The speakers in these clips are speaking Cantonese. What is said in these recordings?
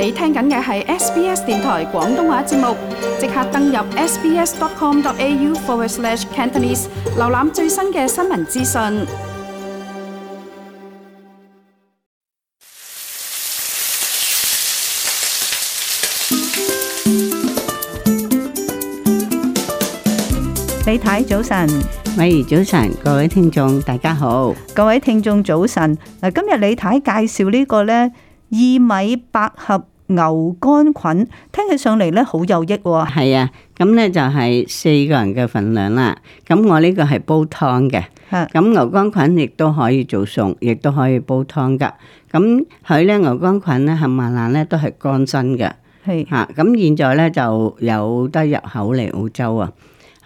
你聽緊嘅係 SBS 電台廣東話節目，即刻登入 sbs.com.au/cantonese 瀏覽最新嘅新聞資訊。李太早晨，美兒早晨，各位聽眾大家好，各位聽眾早晨。嗱，今日李太介紹呢個咧。薏米百合牛肝菌，聽起上嚟咧好有益喎、哦。係啊，咁咧就係四個人嘅份量啦。咁我呢個係煲湯嘅，咁牛肝菌亦都可以做餸，亦都可以煲湯噶。咁佢咧牛肝菌咧，冚唪唥咧都係乾身嘅，吓是。咁現在咧就有得入口嚟澳洲啊。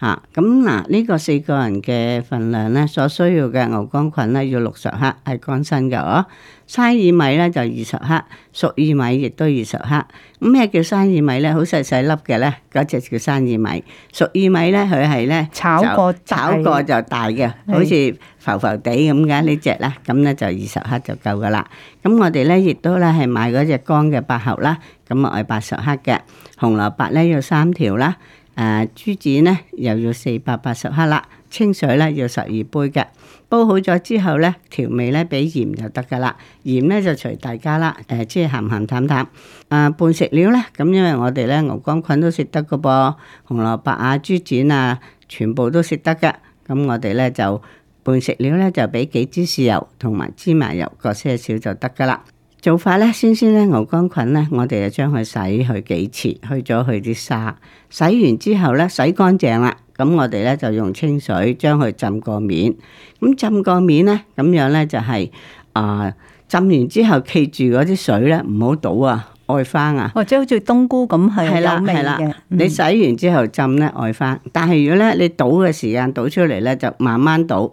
啊，咁嗱，呢個四個人嘅份量咧，所需要嘅牛肝菌咧要六十克，係乾身嘅哦。生薏米咧就二十克，熟薏米亦都二十克。咁咩叫生薏米咧？好細細粒嘅咧，嗰隻叫生薏米。熟薏米咧，佢係咧炒過，炒過就大嘅，好似浮浮地咁嘅呢隻啦。咁咧就二十克就夠噶啦。咁我哋咧亦都咧係買嗰隻乾嘅百合啦，咁啊係八十克嘅紅蘿蔔咧要三條啦。誒豬展咧又要四百八十克啦，清水咧要十二杯嘅，煲好咗之後咧調味咧俾鹽就得噶啦，鹽咧就隨大家啦，誒即係鹹鹹淡淡，淡。誒、啊、拌食料咧，咁因為我哋咧牛肝菌都食得噶噃，紅蘿蔔啊、豬展啊，全部都食得噶。咁我哋咧就拌食料咧就俾幾支豉油同埋芝麻油各些少就得噶啦。做法咧，先先咧，牛肝菌咧，我哋就將佢洗去幾次，去咗佢啲沙。洗完之後咧，洗乾淨啦。咁我哋咧就用清水將佢浸過面。咁浸過面咧，咁樣咧就係、是、啊、呃，浸完之後記住嗰啲水咧，唔好倒啊，外翻啊。或者、哦、好似冬菇咁係有味嘅。嗯、你洗完之後浸咧，外翻。但係如果咧你倒嘅時間倒出嚟咧，就慢慢倒，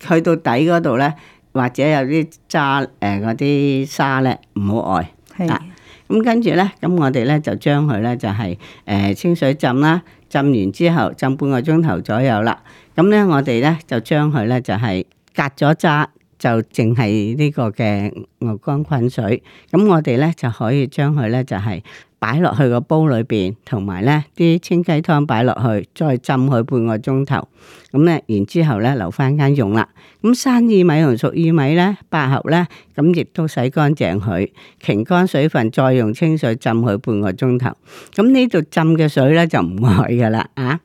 去到底嗰度咧。或者有啲渣誒嗰啲沙咧，唔好外啊。咁跟住咧，咁我哋咧就將佢咧就係誒清水浸啦，浸完之後浸半個鐘頭左右啦。咁咧我哋咧就將佢咧就係隔咗渣，就淨係呢個嘅牛肝菌水。咁我哋咧就可以將佢咧就係、是。擺落去個煲裏邊，同埋咧啲清雞湯擺落去，再浸佢半個鐘頭。咁咧，然之後咧留翻間用啦。咁生薏米同熟薏米咧，百合咧，咁亦都洗乾淨佢，傾乾水分，再用清水浸佢半個鐘頭。咁呢度浸嘅水咧就唔愛噶啦啊。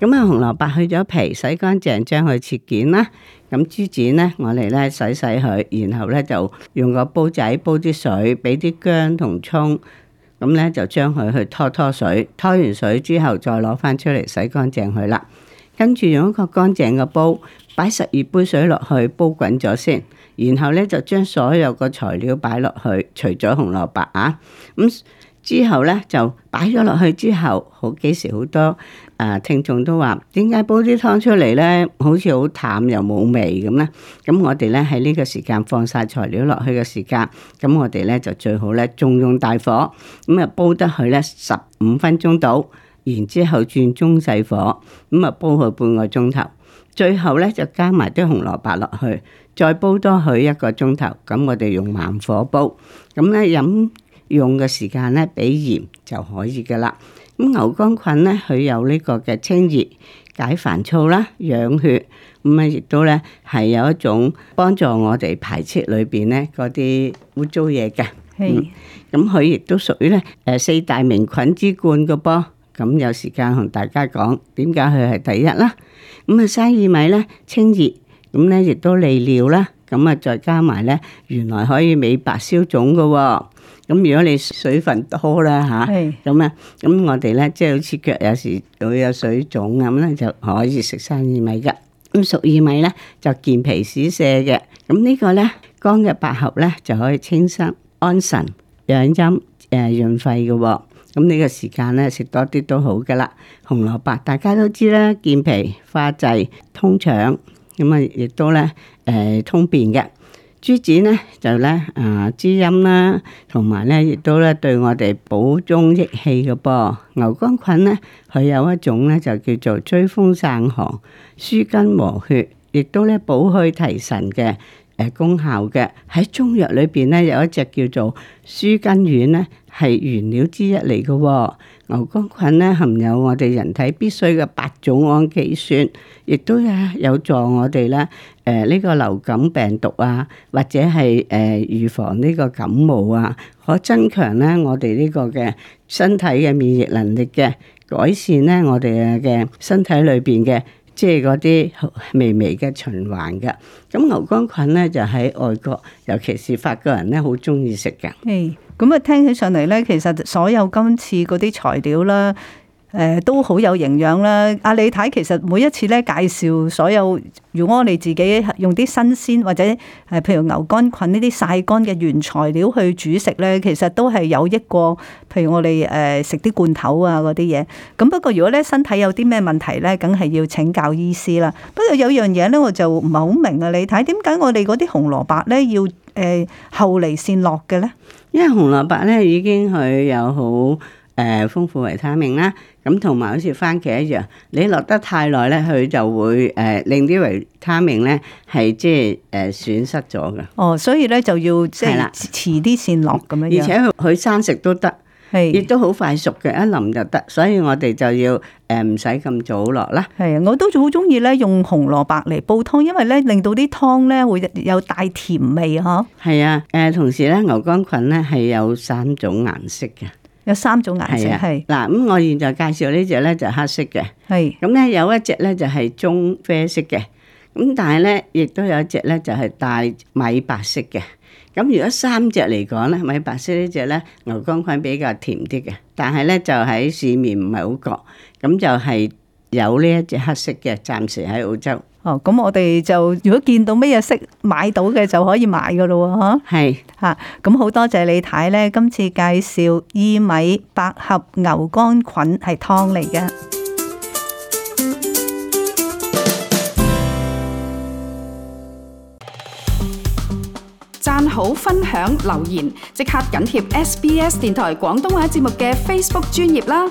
咁啊，紅蘿蔔去咗皮，洗乾淨，將佢切件啦。咁豬展咧，我哋咧洗洗佢，然後咧就用個煲仔煲啲水，俾啲薑同葱。咁咧、嗯、就將佢去拖拖水，拖完水之後再攞翻出嚟洗乾淨佢啦。跟住用一個乾淨嘅煲，擺十二杯水落去煲滾咗先，然後咧就將所有嘅材料擺落去，除咗紅蘿蔔啊，咁、嗯。之後咧就擺咗落去之後，好幾時好多啊聽眾都話點解煲啲湯出嚟咧，好似好淡又冇味咁咧？咁我哋咧喺呢個時間放晒材料落去嘅時間，咁我哋咧就最好咧中用大火咁啊，就煲得佢咧十五分鐘到，然之後轉中細火咁啊，就煲佢半個鐘頭，最後咧就加埋啲紅蘿蔔落去，再煲多佢一個鐘頭。咁我哋用慢火煲，咁咧飲。用嘅時間咧，畀鹽就可以噶啦。咁牛肝菌咧，佢有呢個嘅清熱、解煩躁啦、養血。咁啊，亦都咧係有一種幫助我哋排斥裏邊咧嗰啲污糟嘢嘅。係的。咁佢亦都屬於咧誒四大名菌之冠嘅噃。咁、嗯嗯嗯、有時間同大家講點解佢係第一啦。咁、嗯、啊，生薏米咧清熱，咁咧亦都利尿啦。咁啊，再加埋咧，原來可以美白消腫噶、哦。咁如果你水分多啦嚇，咁是啊，咁我哋咧，即係好似腳有時會有水腫咁咧，就可以食生薏米噶。咁熟薏米咧就健脾止瀉嘅。咁、啊這個、呢個咧，乾嘅百合咧就可以清心安神、養陰誒潤肺嘅、哦。咁、啊、呢、這個時間咧食多啲都好噶啦。紅蘿蔔大家都知啦，健脾化滯通腸。咁啊，亦都咧，誒通便嘅豬子咧就咧啊滋陰啦，同埋咧亦都咧對我哋補中益氣嘅噃。牛肝菌咧，佢有一種咧就叫做追風散寒、舒筋和血，亦都咧補虛提神嘅功效嘅喺中藥裏邊咧，有一隻叫做舒筋丸咧，係原料之一嚟嘅。牛肝菌咧含有我哋人體必須嘅八種氨基酸，亦都咧有助我哋咧誒呢個流感病毒啊，或者係誒預防呢個感冒啊，可增強咧我哋呢個嘅身體嘅免疫能力嘅，改善咧我哋嘅身體裏邊嘅。即係嗰啲微微嘅循環㗎，咁牛肝菌咧就喺外國，尤其是法國人咧好中意食㗎。誒，咁啊聽起上嚟咧，其實所有今次嗰啲材料啦。誒都好有營養啦！阿李太其實每一次咧介紹所有如果我哋自己用啲新鮮或者誒譬如牛肝菌呢啲曬乾嘅原材料去煮食咧，其實都係有益過譬如我哋誒食啲罐頭啊嗰啲嘢。咁不過如果咧身體有啲咩問題咧，梗係要請教醫師啦。不過有樣嘢咧，我就唔係好明啊，李太，點解我哋嗰啲紅蘿蔔咧要誒、呃、後嚟先落嘅咧？因為紅蘿蔔咧已經係有好。誒，豐、呃、富維他命啦，咁同埋好似番茄一樣，你落得太耐咧，佢就會誒、呃、令啲維他命咧係即係誒損失咗㗎。哦，所以咧就要即係遲啲先落咁樣。的而且佢生食是都得，係亦都好快熟嘅。一淋就得，所以我哋就要誒唔使咁早落啦。係啊，我都好中意咧用紅蘿蔔嚟煲湯，因為咧令到啲湯咧會有帶甜味嗬。係啊，誒，同時咧牛肝菌咧係有三種顏色嘅。有三種顏色，嗱咁、啊、是我現在介紹呢隻咧就黑色嘅，咁咧是有一隻咧就係棕啡色嘅，咁但係咧亦都有一隻咧就係帶米白色嘅。咁如果三隻嚟講咧，米白色隻呢隻咧牛肝菌比較甜啲嘅，但係咧就喺市面唔係好覺，咁就係有呢一隻黑色嘅，暫時喺澳洲。哦，咁我哋就如果見到咩嘢識買到嘅就可以買噶咯喎，嚇！係嚇，咁好多謝李太咧，今次介紹薏米、百合、牛肝菌係湯嚟嘅，讚好、分享、留言，即刻緊貼 SBS 電台廣東話節目嘅 Facebook 專頁啦。